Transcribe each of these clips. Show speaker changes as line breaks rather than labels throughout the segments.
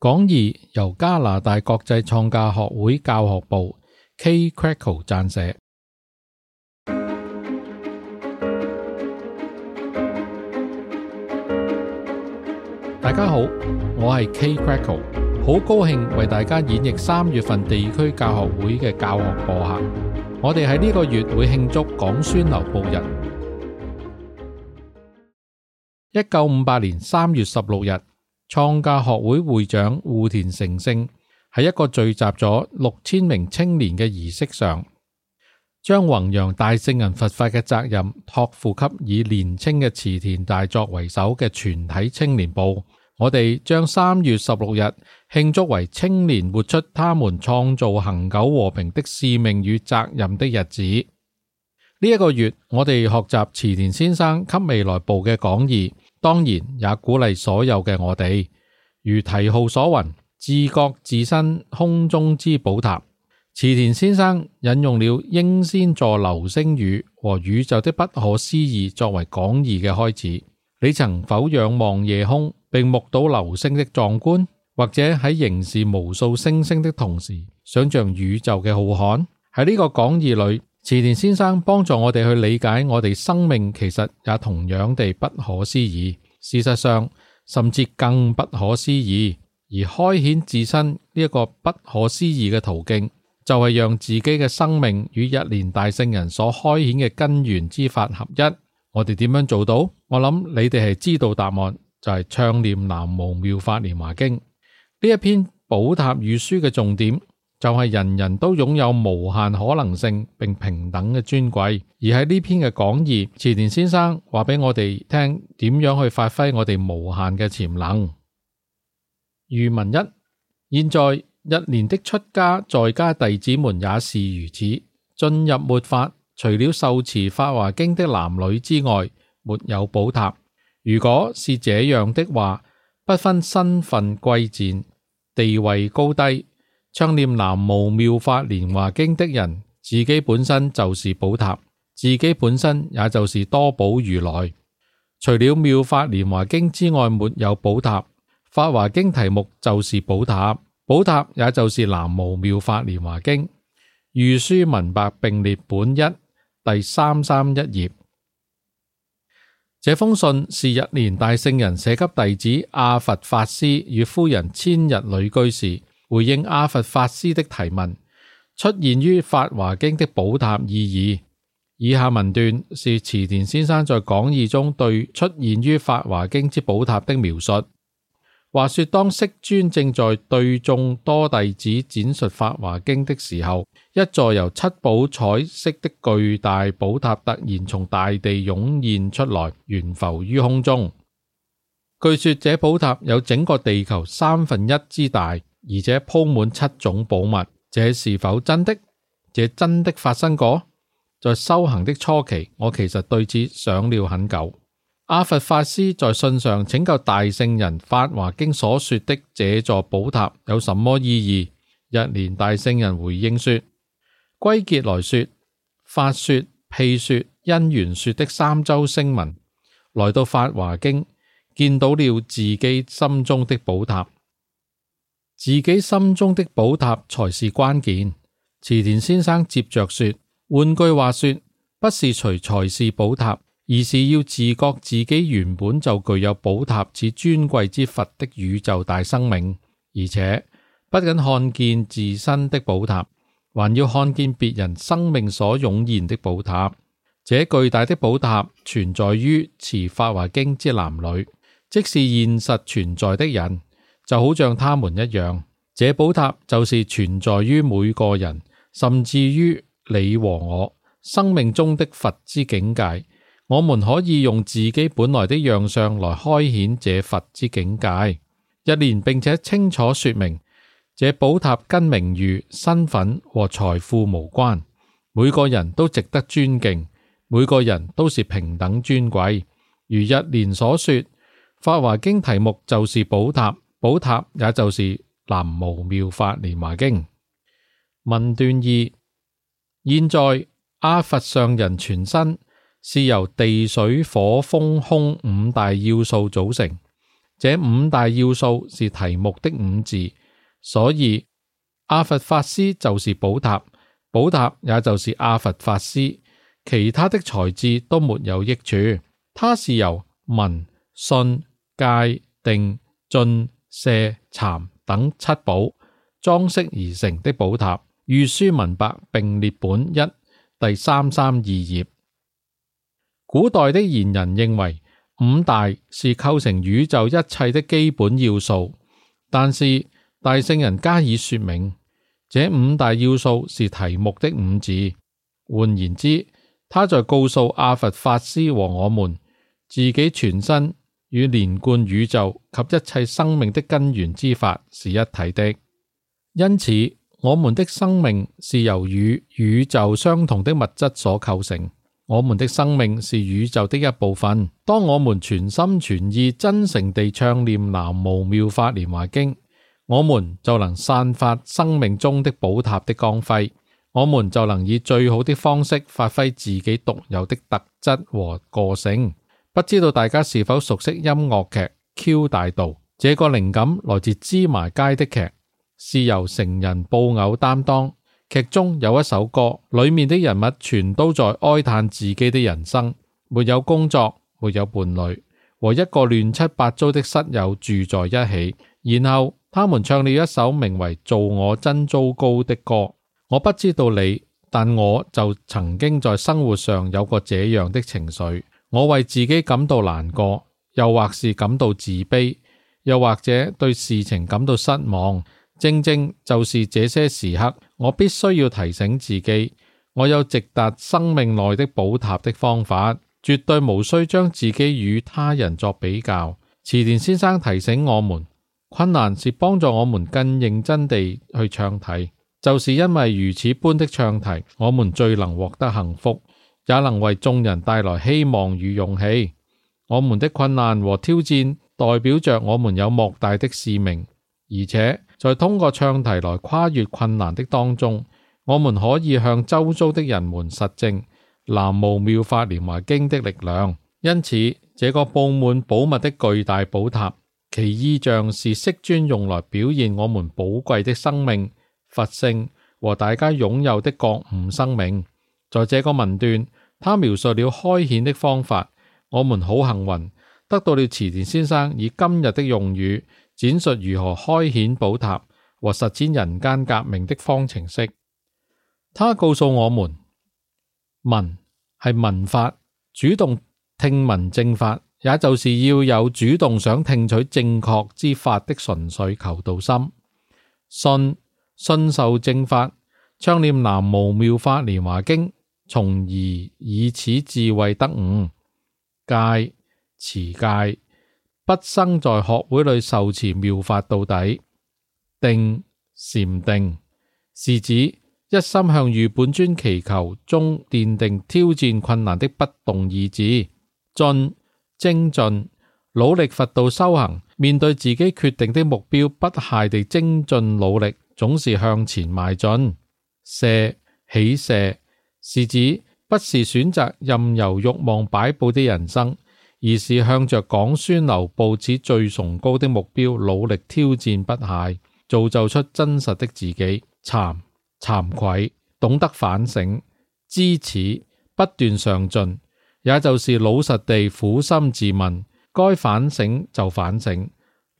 講義由加拿大國際創價學會教學部 Kate Greco 撰寫。大家好，我係 Kate Greco，好高興為大家演繹三月份地區教學會嘅教學播客。我哋喺呢個月會慶祝廣宣流布日，一九五八年三月十六日。創價學會會長戶田城聖喺一個聚集咗六千名青年嘅儀式上，將弘揚大聖人佛法嘅責任託付給以年青嘅池田大作為首嘅全體青年部。我哋將三月十六日慶祝為青年活出他們創造恆久和平的使命與責任的日子。呢、這、一個月，我哋學習池田先生給未來部嘅講義。當然，也鼓勵所有嘅我哋，如題號所云，自覺自身胸中之寶塔。池田先生引用了英仙座流星雨和宇宙的不可思議作為講義嘅開始。你曾否仰望夜空並目睹流星的壯觀，或者喺凝視無數星星的同時，想象宇宙嘅浩瀚？喺呢個講義裏。池田先生幫助我哋去理解我哋生命，其實也同樣地不可思議。事實上，甚至更不可思議。而開顯自身呢一個不可思議嘅途徑，就係讓自己嘅生命與日蓮大聖人所開顯嘅根源之法合一。我哋點樣做到？我諗你哋係知道答案，就係、是、唱念南無妙法蓮華經，呢一篇寶塔御書嘅重點。就係人人都擁有無限可能性並平等嘅尊貴，而喺呢篇嘅講義，池田先生話俾我哋聽點樣去發揮我哋無限嘅潛能。原文一，現在日蓮的出家在家弟子們也是如此。進入末法，除了受持法華經的男女之外，沒有寶塔。如果是這樣的話，不分身份貴賤、地位高低。倡念南無妙法蓮華經的人，自己本身就是寶塔，自己本身也就是多寶如來。除了妙法蓮華經之外，沒有寶塔。法華經題目就是寶塔，寶塔也就是南無妙法蓮華經。御書文白並列本一，第三三一頁。這封信是日蓮大聖人寫給弟子阿佛法師與夫人千日女居士。回應阿佛法師的提問，出現於《法華經》的寶塔意義。以下文段是池田先生在講義中對出現於《法華經》之寶塔的描述。話說，當釋尊正在對眾多弟子展述《法華經》的時候，一座由七寶彩色的巨大寶塔突然從大地湧現出來，懸浮於空中。據說這寶塔有整個地球三分一之大。而且鋪滿七種寶物，這是否真的？這真的發生過？在修行的初期，我其實對此想了很久。阿佛法師在信上請教大聖人《法華經》所說的這座寶塔有什麼意義？日蓮大聖人回應說：歸結來說，法說、譬說、因緣說的三周聲聞來到《法華經》，見到了自己心中的寶塔。自己心中的寶塔才是關鍵。池田先生接着說：換句話說，不是隨才是寶塔，而是要自覺自己原本就具有寶塔似尊貴之佛的宇宙大生命。而且，不僅看見自身的寶塔，還要看見別人生命所湧現的寶塔。這巨大的寶塔存在於持法華經之男女，即是現實存在的人。就好像他們一樣，這寶塔就是存在於每個人，甚至於你和我生命中的佛之境界。我們可以用自己本來的樣相來開顯這佛之境界。日蓮並且清楚說明，這寶塔跟名譽、身份和財富無關。每個人都值得尊敬，每個人都是平等尊貴。如日蓮所說，《法華經》題目就是寶塔。寶塔也就是《南無妙法蓮華經》文段二。現在阿佛上人全身是由地水火風空五大要素組成。這五大要素是題目的五字，所以阿佛法師就是寶塔，寶塔也就是阿佛法師。其他的材質都沒有益處。它是由文、信、戒、定、進。射蠶等七寶裝飾而成的寶塔，御書文白並列本一第三三二頁。古代的賢人認為五大是構成宇宙一切的基本要素，但是大聖人加以說明，這五大要素是題目的五字。換言之，他在告訴阿佛法師和我們自己全身。與連貫宇宙及一切生命的根源之法是一體的，因此我們的生命是由與宇宙相同的物質所構成。我們的生命是宇宙的一部分。當我們全心全意、真誠地唱念《南無妙法蓮華經》，我們就能散發生命中的寶塔的光輝。我們就能以最好的方式發揮自己獨有的特質和個性。不知道大家是否熟悉音樂劇《Q 大道》？這個靈感來自芝麻街的劇，是由成人布偶擔當。劇中有一首歌，裏面的人物全都在哀嘆自己的人生，沒有工作，沒有伴侶，和一個亂七八糟的室友住在一起。然後他們唱了一首名為《做我真糟糕》的歌。我不知道你，但我就曾經在生活上有過這樣的情緒。我為自己感到難過，又或是感到自卑，又或者對事情感到失望。正正就是這些時刻，我必須要提醒自己，我有直達生命內的寶塔的方法，絕對無需將自己與他人作比較。池田先生提醒我們，困難是幫助我們更認真地去唱題，就是因為如此般的唱題，我們最能獲得幸福。也能為眾人帶來希望與勇氣。我們的困難和挑戰代表着我們有莫大的使命，而且在通過唱題來跨越困難的當中，我們可以向周遭的人們實證《南無妙法蓮華經》的力量。因此，這個布滿寶物的巨大寶塔，其意象是釋尊用來表現我們寶貴的生命、佛性和大家擁有的覺悟生命。在這個文段，他描述了開顯的方法。我們好幸運，得到了池田先生以今日的用語，展述如何開顯寶塔和實踐人間革命的方程式。他告訴我們，聞係聞法，主動聽聞正法，也就是要有主動想聽取正確之法的純粹求道心。信信受正法，唱念南無妙法蓮華經。從而以此智慧得悟。戒，持戒，畢生在學會裏受持妙法到底。定，禪定，是指一心向於本尊祈求中奠定挑戰困難的不動意志。進，精進，努力佛道修行，面對自己決定的目標不懈地精進努力，總是向前邁進。捨，起捨。是指不是選擇任由欲望擺布的人生，而是向着廣宣流布此最崇高的目標努力挑戰不懈，造就出真實的自己。慚慚愧，懂得反省，知恥不斷上進，也就是老實地苦心自問，該反省就反省，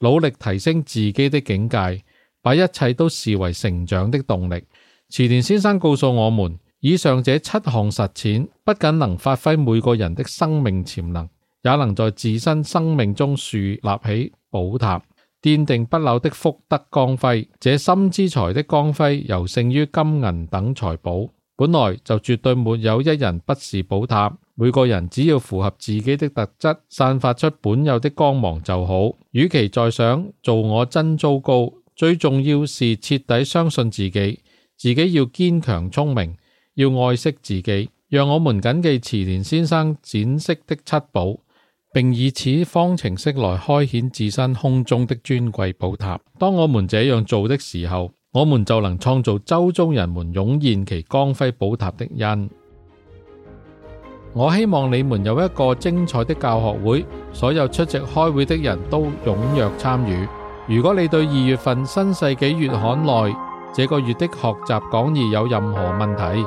努力提升自己的境界，把一切都視為成長的動力。池田先生告訴我們。以上這七項實踐，不僅能發揮每個人的生命潛能，也能在自身生命中樹立起寶塔，奠定不朽的福德光輝。這心之財的光輝，尤勝於金銀等財寶。本來就絕對沒有一人不是寶塔，每個人只要符合自己的特質，散發出本有的光芒就好。與其再想做我真糟糕，最重要是徹底相信自己，自己要堅強聰明。要愛惜自己，讓我們謹記池田先生展示的七寶，並以此方程式來開顯自身胸中的尊貴寶塔。當我們這樣做的時候，我們就能創造周遭人們湧現其光輝寶塔的因。我希望你們有一個精彩的教學會，所有出席開會的人都踴躍參與。如果你對二月份新世紀月刊內這個月的學習講義有任何問題，